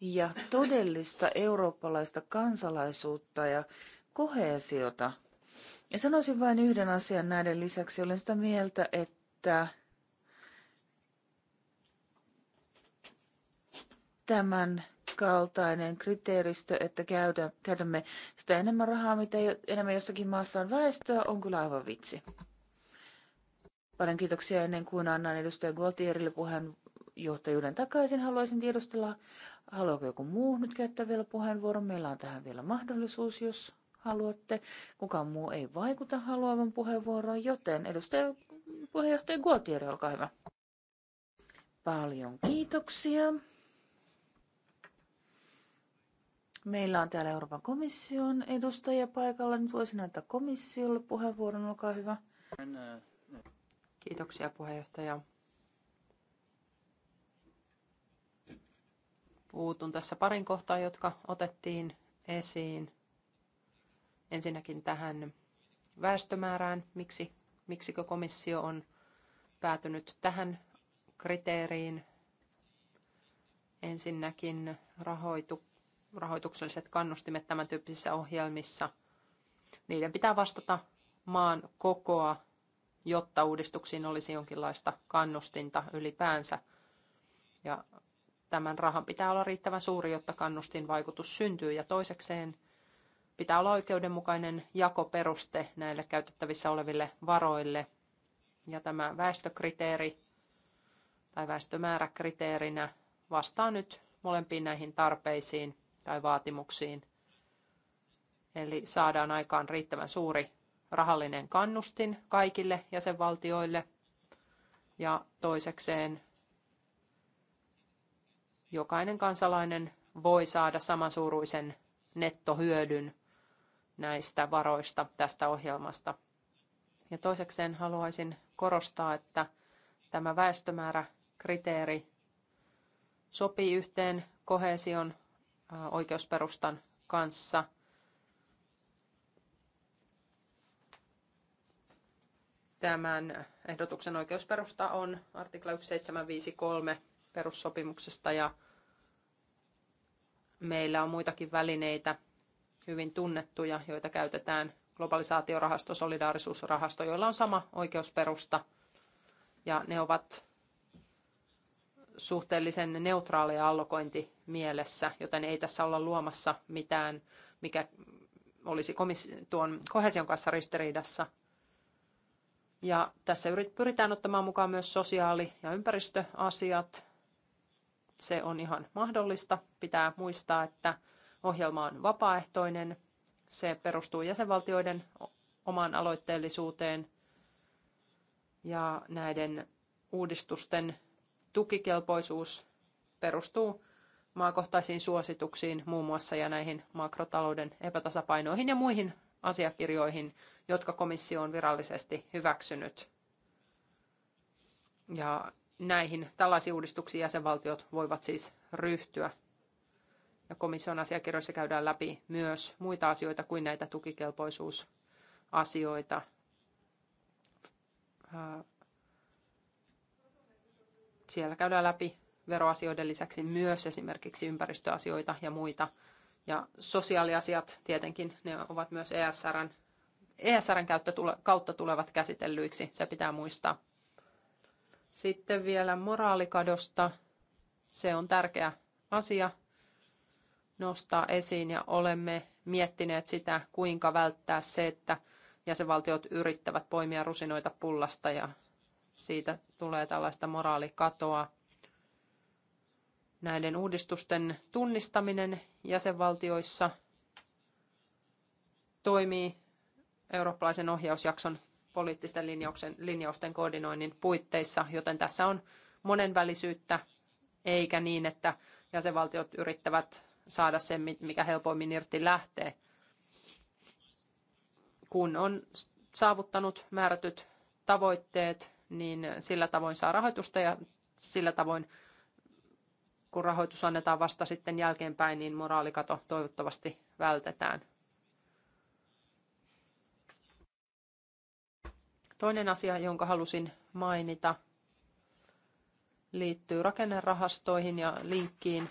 ja todellista eurooppalaista kansalaisuutta ja kohesiota – ja sanoisin vain yhden asian näiden lisäksi. Olen sitä mieltä, että tämän kaltainen kriteeristö, että käydä, käytämme sitä enemmän rahaa, mitä enemmän jossakin maassa on väestöä, on kyllä aivan vitsi. Paljon kiitoksia ennen kuin annan edustaja Gualtierille puheenjohtajuuden takaisin. Haluaisin tiedustella, haluaako joku muu nyt käyttää vielä puheenvuoron. Meillä on tähän vielä mahdollisuus, jos haluatte. Kukaan muu ei vaikuta haluavan puheenvuoroon, joten edustaja puheenjohtaja Guotieri, olkaa hyvä. Paljon kiitoksia. Meillä on täällä Euroopan komission edustaja paikalla. Nyt voisin antaa komissiolle puheenvuoron, olkaa hyvä. Kiitoksia puheenjohtaja. Puutun tässä parin kohtaa, jotka otettiin esiin. Ensinnäkin tähän väestömäärään, miksi, miksikö komissio on päätynyt tähän kriteeriin. Ensinnäkin rahoitu, rahoitukselliset kannustimet tämän tyyppisissä ohjelmissa. Niiden pitää vastata maan kokoa, jotta uudistuksiin olisi jonkinlaista kannustinta ylipäänsä. Ja tämän rahan pitää olla riittävän suuri, jotta kannustin vaikutus syntyy. Ja toisekseen Pitää olla oikeudenmukainen jakoperuste näille käytettävissä oleville varoille. Ja tämä väestökriteeri tai väestömääräkriteerinä vastaa nyt molempiin näihin tarpeisiin tai vaatimuksiin. Eli saadaan aikaan riittävän suuri rahallinen kannustin kaikille jäsenvaltioille. Ja toisekseen jokainen kansalainen voi saada samansuuruisen nettohyödyn näistä varoista tästä ohjelmasta. Ja toisekseen haluaisin korostaa, että tämä väestömääräkriteeri sopii yhteen kohesion oikeusperustan kanssa. Tämän ehdotuksen oikeusperusta on artikla 1753 perussopimuksesta ja meillä on muitakin välineitä hyvin tunnettuja, joita käytetään globalisaatiorahasto, solidaarisuusrahasto, joilla on sama oikeusperusta. Ja ne ovat suhteellisen neutraaleja allokointi mielessä, joten ei tässä olla luomassa mitään, mikä olisi komis- tuon kohesion kanssa ristiriidassa. Ja tässä pyritään ottamaan mukaan myös sosiaali- ja ympäristöasiat. Se on ihan mahdollista. Pitää muistaa, että Ohjelma on vapaaehtoinen. Se perustuu jäsenvaltioiden omaan aloitteellisuuteen ja näiden uudistusten tukikelpoisuus perustuu maakohtaisiin suosituksiin muun muassa ja näihin makrotalouden epätasapainoihin ja muihin asiakirjoihin, jotka komissio on virallisesti hyväksynyt. Ja näihin tällaisiin uudistuksiin jäsenvaltiot voivat siis ryhtyä ja komission asiakirjoissa käydään läpi myös muita asioita kuin näitä tukikelpoisuusasioita. Äh, siellä käydään läpi veroasioiden lisäksi myös esimerkiksi ympäristöasioita ja muita. Ja sosiaaliasiat tietenkin, ne ovat myös ESRn, ESRn käyttö, kautta tulevat käsitellyiksi, se pitää muistaa. Sitten vielä moraalikadosta. Se on tärkeä asia nostaa esiin ja olemme miettineet sitä, kuinka välttää se, että jäsenvaltiot yrittävät poimia rusinoita pullasta ja siitä tulee tällaista moraalikatoa. Näiden uudistusten tunnistaminen jäsenvaltioissa toimii eurooppalaisen ohjausjakson poliittisten linjauksen, linjausten koordinoinnin puitteissa, joten tässä on monenvälisyyttä, eikä niin, että jäsenvaltiot yrittävät saada sen mikä helpoimmin irti lähtee, kun on saavuttanut määrätyt tavoitteet, niin sillä tavoin saa rahoitusta ja sillä tavoin, kun rahoitus annetaan vasta sitten jälkeenpäin, niin moraalikato toivottavasti vältetään. Toinen asia, jonka halusin mainita, liittyy rakennerahastoihin ja linkkiin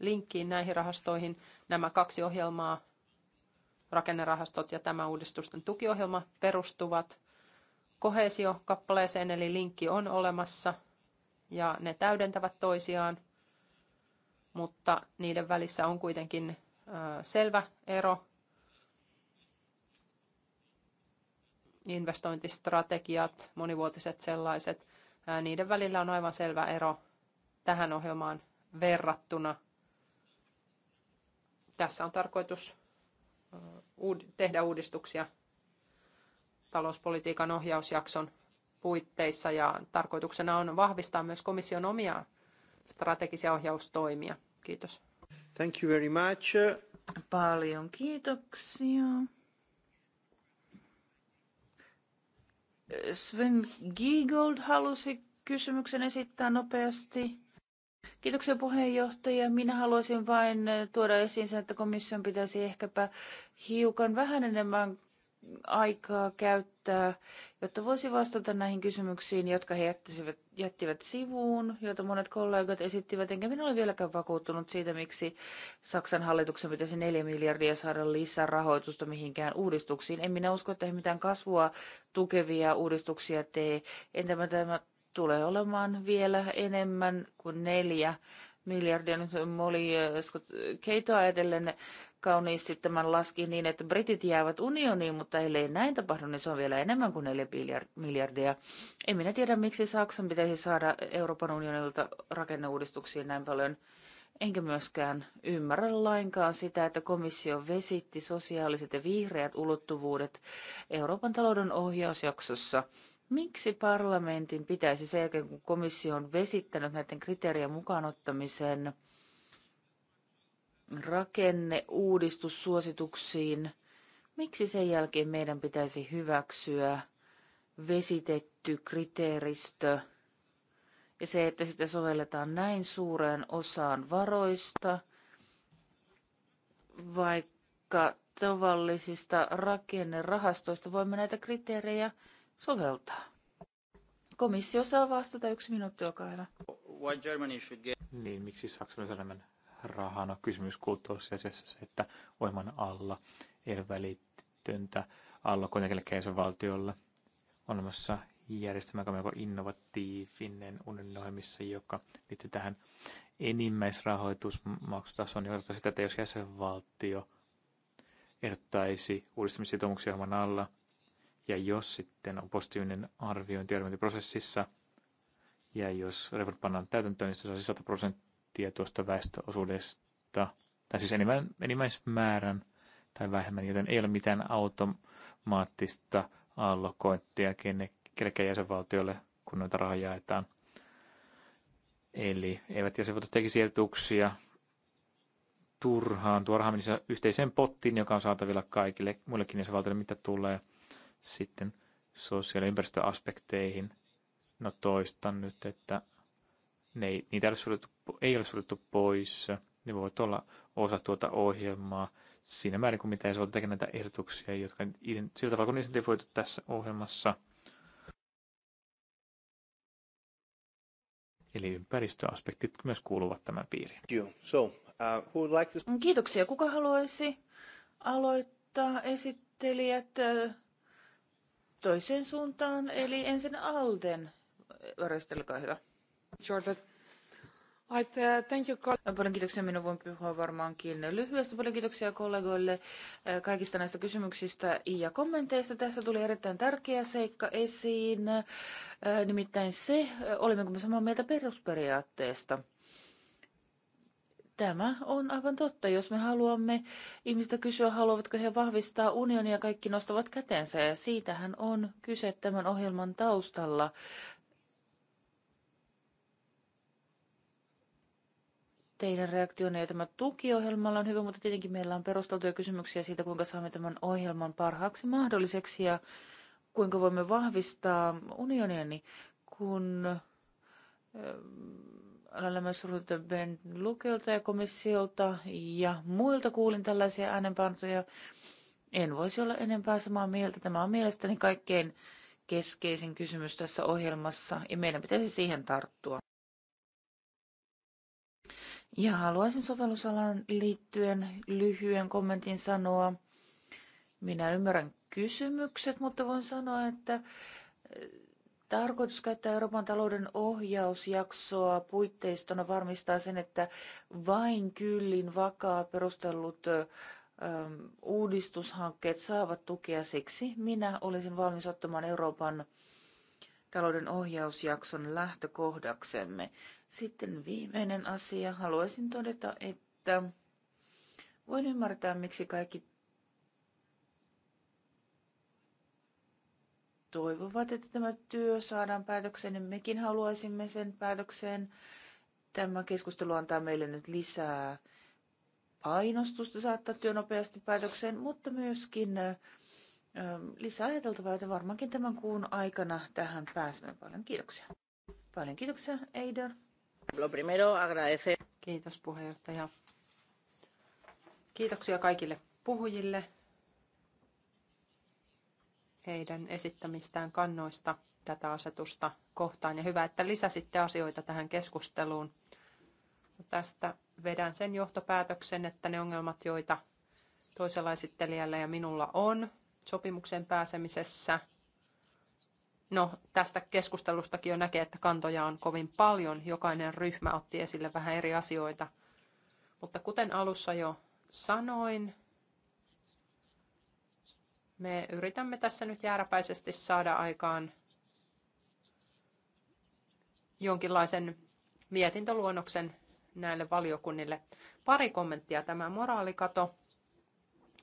linkkiin näihin rahastoihin nämä kaksi ohjelmaa, rakennerahastot ja tämä uudistusten tukiohjelma perustuvat kohesiokappaleeseen, eli linkki on olemassa ja ne täydentävät toisiaan, mutta niiden välissä on kuitenkin selvä ero. Investointistrategiat, monivuotiset sellaiset, niiden välillä on aivan selvä ero tähän ohjelmaan verrattuna – tässä on tarkoitus tehdä uudistuksia talouspolitiikan ohjausjakson puitteissa ja tarkoituksena on vahvistaa myös komission omia strategisia ohjaustoimia. Kiitos. Thank you very much. Paljon kiitoksia. Sven Giegold halusi kysymyksen esittää nopeasti. Kiitoksia puheenjohtaja. Minä haluaisin vain eh, tuoda esiin sen, että komission pitäisi ehkäpä hiukan vähän enemmän aikaa käyttää, jotta voisi vastata näihin kysymyksiin, jotka he jättisivät, jättivät sivuun, joita monet kollegat esittivät, enkä minä ole vieläkään vakuuttunut siitä, miksi Saksan hallituksen pitäisi 4 miljardia saada lisää rahoitusta mihinkään uudistuksiin. En minä usko, että he mitään kasvua tukevia uudistuksia tee. Entä tämä tulee olemaan vielä enemmän kuin neljä miljardia. Nyt oli äh, Scott Keito ajatellen kauniisti tämän laski niin, että britit jäävät unioniin, mutta ellei näin tapahdu, niin se on vielä enemmän kuin neljä miljardia. En minä tiedä, miksi Saksan pitäisi saada Euroopan unionilta rakenneuudistuksiin näin paljon. Enkä myöskään ymmärrä lainkaan sitä, että komissio vesitti sosiaaliset ja vihreät ulottuvuudet Euroopan talouden ohjausjaksossa. Miksi parlamentin pitäisi sen jälkeen, kun komissio on vesittänyt näiden kriteerien mukaanottamisen rakenneuudistussuosituksiin, miksi sen jälkeen meidän pitäisi hyväksyä vesitetty kriteeristö ja se, että sitä sovelletaan näin suureen osaan varoista, vaikka tavallisista rakennerahastoista voimme näitä kriteerejä soveltaa. Komissio saa vastata yksi minuutti, olkaa hyvä. Why Germany should get... Niin, miksi Saksan enemmän rahaa? No, kysymys kulttuurissa asiassa se, että voiman alla ei ole välitöntä alla kuitenkin valtiolle. On olemassa järjestelmä, joka on melko innovatiivinen unionin joka liittyy tähän enimmäisrahoitusmaksutasoon, niin sitä, että jos jäsenvaltio ehdottaisi uudistamissitoumuksia oman alla, ja jos sitten on positiivinen arviointi arviointiprosessissa, ja jos reformit pannaan täytäntöön, niin se saa 100 prosenttia tuosta väestöosuudesta, tai siis enimmäismäärän tai vähemmän, joten ei ole mitään automaattista allokointia kenellekään jäsenvaltiolle, kun noita rahoja jaetaan. Eli eivät jäsenvaltiot tekisi sijoituksia turhaan. Tuo raha menisi yhteiseen pottiin, joka on saatavilla kaikille muillekin jäsenvaltioille, mitä tulee sitten ympäristöaspekteihin. No toistan nyt, että ne ei, niitä ei ole, suljettu, ei ole suljettu pois. Ne voivat olla osa tuota ohjelmaa siinä määrin kuin mitä ei ole tekemään näitä ehdotuksia, jotka sillä tavalla kun identifioitu tässä ohjelmassa. Eli ympäristöaspektit myös kuuluvat tämän piiriin. Uh, Kiitoksia. Kuka haluaisi aloittaa esittelijät? Uh, toiseen suuntaan, eli ensin Alden. olkaa hyvä. Jordan. Uh, thank you. No, paljon kiitoksia. Minun voin puhua varmaankin lyhyesti. Paljon kiitoksia kollegoille eh, kaikista näistä kysymyksistä ja kommenteista. Tässä tuli erittäin tärkeä seikka esiin, eh, nimittäin se, eh, olemmeko me samaa mieltä perusperiaatteesta. Tämä on aivan totta. Jos me haluamme ihmistä kysyä, haluavatko he vahvistaa unionia, kaikki nostavat kätensä ja siitähän on kyse tämän ohjelman taustalla. teidän reaktionne ja tämä tukiohjelmalla on hyvä, mutta tietenkin meillä on perusteltuja kysymyksiä siitä, kuinka saamme tämän ohjelman parhaaksi mahdolliseksi ja kuinka voimme vahvistaa unionia, niin kun Lämmäsryltä Ben Lukelta ja komissiolta ja muilta kuulin tällaisia äänenpantoja. En voisi olla enempää samaa mieltä. Tämä on mielestäni kaikkein keskeisin kysymys tässä ohjelmassa ja meidän pitäisi siihen tarttua. Ja haluaisin sovellusalan liittyen lyhyen kommentin sanoa. Minä ymmärrän kysymykset, mutta voin sanoa, että tarkoitus käyttää Euroopan talouden ohjausjaksoa puitteistona varmistaa sen, että vain kyllin vakaa perustellut uudistushankkeet saavat tukea. Siksi minä olisin valmis ottamaan Euroopan talouden ohjausjakson lähtökohdaksemme. Sitten viimeinen asia. Haluaisin todeta, että voin ymmärtää, miksi kaikki toivovat, että tämä työ saadaan päätökseen, niin mekin haluaisimme sen päätökseen. Tämä keskustelu antaa meille nyt lisää painostusta saattaa työ nopeasti päätökseen, mutta myöskin lisää ajateltavaa, että varmaankin tämän kuun aikana tähän pääsemme. Paljon kiitoksia. Paljon kiitoksia, Eider. Lo primero agradecer. Kiitos puheenjohtaja. Kiitoksia kaikille puhujille heidän esittämistään kannoista tätä asetusta kohtaan. Ja hyvä, että lisäsitte asioita tähän keskusteluun. Tästä vedän sen johtopäätöksen, että ne ongelmat, joita toisella esittelijällä ja minulla on sopimuksen pääsemisessä, No, tästä keskustelustakin jo näkee, että kantoja on kovin paljon. Jokainen ryhmä otti esille vähän eri asioita. Mutta kuten alussa jo sanoin, me yritämme tässä nyt jääräpäisesti saada aikaan jonkinlaisen mietintöluonnoksen näille valiokunnille. Pari kommenttia tämä moraalikato.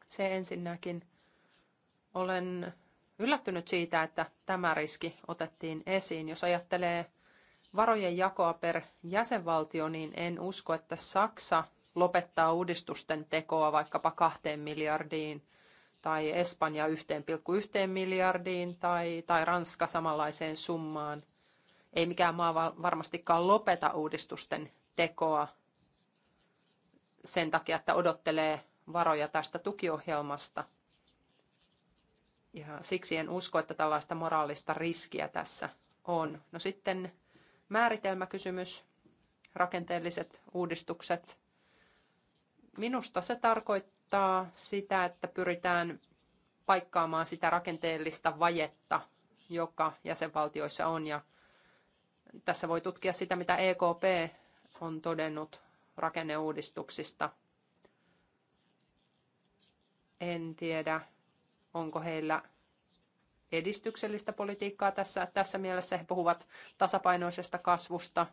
Se ensinnäkin olen yllättynyt siitä, että tämä riski otettiin esiin. Jos ajattelee varojen jakoa per jäsenvaltio, niin en usko, että Saksa lopettaa uudistusten tekoa vaikkapa kahteen miljardiin tai Espanja 1,1 miljardiin tai, tai Ranska samanlaiseen summaan. Ei mikään maa varmastikaan lopeta uudistusten tekoa sen takia, että odottelee varoja tästä tukiohjelmasta. Ja siksi en usko, että tällaista moraalista riskiä tässä on. No sitten määritelmäkysymys, rakenteelliset uudistukset. Minusta se tarkoittaa, tarkoittaa sitä, että pyritään paikkaamaan sitä rakenteellista vajetta, joka jäsenvaltioissa on. Ja tässä voi tutkia sitä, mitä EKP on todennut rakenneuudistuksista. En tiedä, onko heillä edistyksellistä politiikkaa tässä, tässä mielessä. He puhuvat tasapainoisesta kasvusta,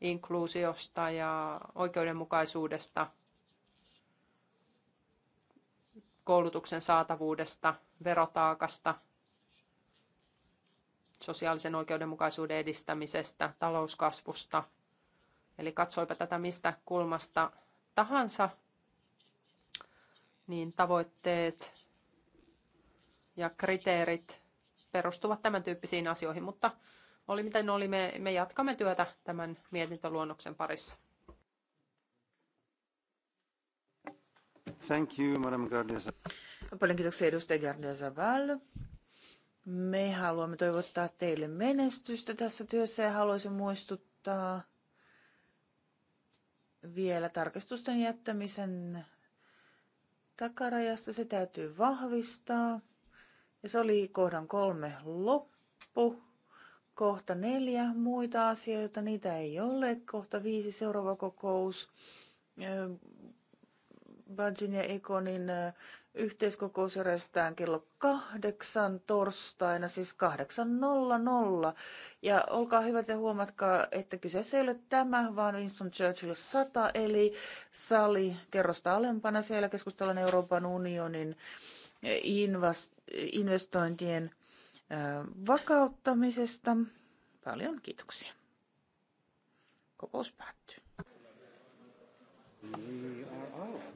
inkluusiosta ja oikeudenmukaisuudesta – koulutuksen saatavuudesta, verotaakasta, sosiaalisen oikeudenmukaisuuden edistämisestä, talouskasvusta. Eli katsoipa tätä mistä kulmasta tahansa, niin tavoitteet ja kriteerit perustuvat tämän tyyppisiin asioihin, mutta oli miten oli, me, me jatkamme työtä tämän mietintöluonnoksen parissa. Paljon kiitoksia edustaja Gardia Zaval. Me haluamme toivottaa teille menestystä tässä työssä ja haluaisin muistuttaa vielä tarkistusten jättämisen takarajasta. Se täytyy vahvistaa. Ja se oli kohdan kolme loppu. Kohta neljä muita asioita, niitä ei ole. Kohta viisi seuraava kokous Badgin ja Ekonin yhteiskokous järjestetään kello kahdeksan torstaina, siis 8.00. Ja olkaa hyvät ja huomatkaa, että kyseessä ei ole tämä, vaan Winston Churchill 100, eli sali kerrosta alempana. Siellä keskustellaan Euroopan unionin investointien vakauttamisesta. Paljon kiitoksia. Kokous päättyy. We are out.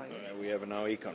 Uh, we have now econ.